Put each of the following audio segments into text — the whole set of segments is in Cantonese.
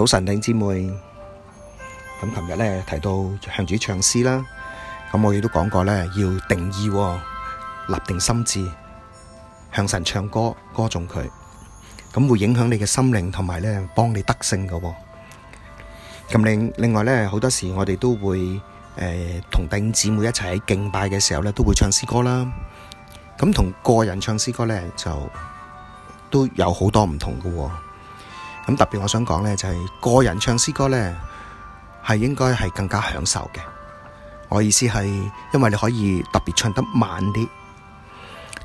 早晨，弟兄姊妹，咁琴日咧提到向主唱詩啦，咁我亦都講過咧，要定意，立定心志，向神唱歌，歌頌佢，咁會影響你嘅心靈，同埋咧幫你得勝嘅。咁另另外咧，好多時我哋都會誒同弟兄姊妹一齊喺敬拜嘅時候咧，都會唱詩歌啦。咁同個人唱詩歌咧，就都有好多唔同嘅。咁特別，我想講呢，就係個人唱詩歌呢，係應該係更加享受嘅。我意思係，因為你可以特別唱得慢啲，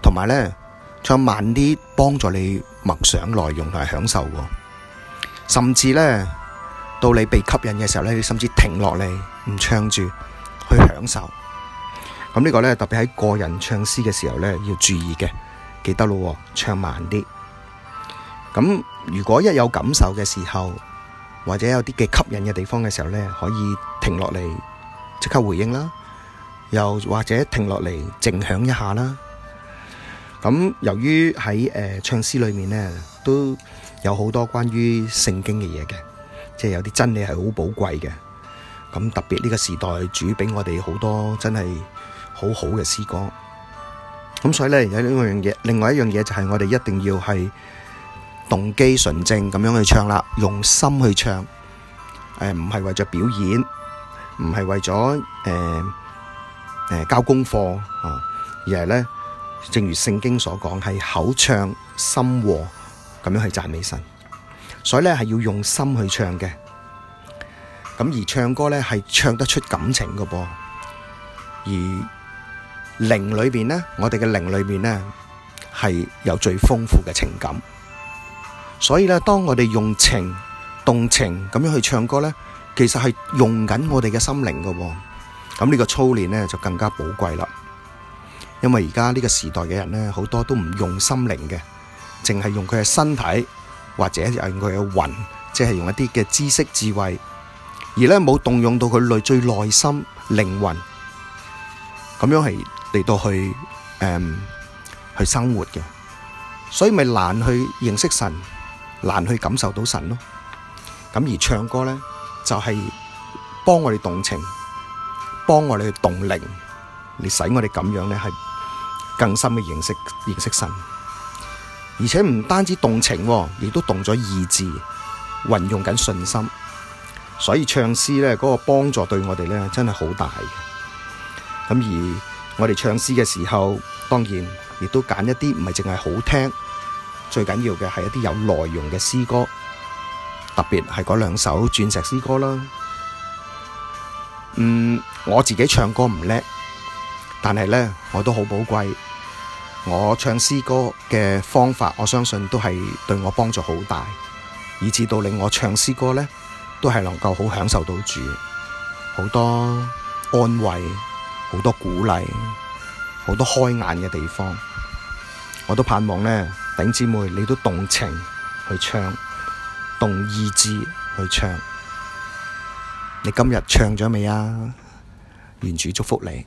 同埋呢，唱慢啲，幫助你默想內容同埋享受。甚至呢，到你被吸引嘅時候呢，你甚至停落嚟唔唱住去享受。咁呢個呢，特別喺個人唱詩嘅時候呢，要注意嘅，記得咯，唱慢啲。咁如果一有感受嘅時候，或者有啲嘅吸引嘅地方嘅時候呢，可以停落嚟即刻回應啦，又或者停落嚟靜響一下啦。咁由於喺，誒、呃、唱詩裏面呢，都有好多關於聖經嘅嘢嘅，即係有啲真理係好寶貴嘅。咁特別呢個時代主俾我哋好多真係好好嘅詩歌。咁所以呢，有兩樣嘢，另外一樣嘢就係我哋一定要係。動機純正咁樣去唱啦，用心去唱，誒唔係為咗表演，唔係為咗誒誒交功課啊，而係咧正如聖經所講係口唱心和咁樣去讚美神，所以咧係要用心去唱嘅。咁而唱歌咧係唱得出感情㗎噃，而靈裏邊咧，我哋嘅靈裏邊咧係有最豐富嘅情感。所以咧，當我哋用情動情咁樣去唱歌咧，其實係用緊我哋嘅心靈噶、哦。咁、這、呢個操練咧就更加寶貴啦。因為而家呢個時代嘅人咧，好多都唔用心靈嘅，淨係用佢嘅身體或者係佢嘅魂，即係用一啲嘅知識智慧，而咧冇動用到佢內最內心靈魂咁樣係嚟到去誒、嗯、去生活嘅，所以咪難去認識神。難去感受到神咯，咁而唱歌呢，就係、是、幫我哋動情，幫我哋去動靈，嚟使我哋咁樣呢係更深嘅認識認識神，而且唔單止動情喎，亦都動咗意志，運用緊信心，所以唱詩呢，嗰、那個幫助對我哋呢，真係好大嘅，咁而我哋唱詩嘅時候，當然亦都揀一啲唔係淨係好聽。最緊要嘅係一啲有內容嘅詩歌，特別係嗰兩首鑽石詩歌啦。嗯，我自己唱歌唔叻，但係咧我都好寶貴。我唱詩歌嘅方法，我相信都係對我幫助好大，以致到令我唱詩歌咧，都係能夠好享受到主，好多安慰，好多鼓勵，好多開眼嘅地方。我都盼望咧。頂姐妹，你都動情去唱，動意志去唱，你今日唱咗未啊？願主祝福你。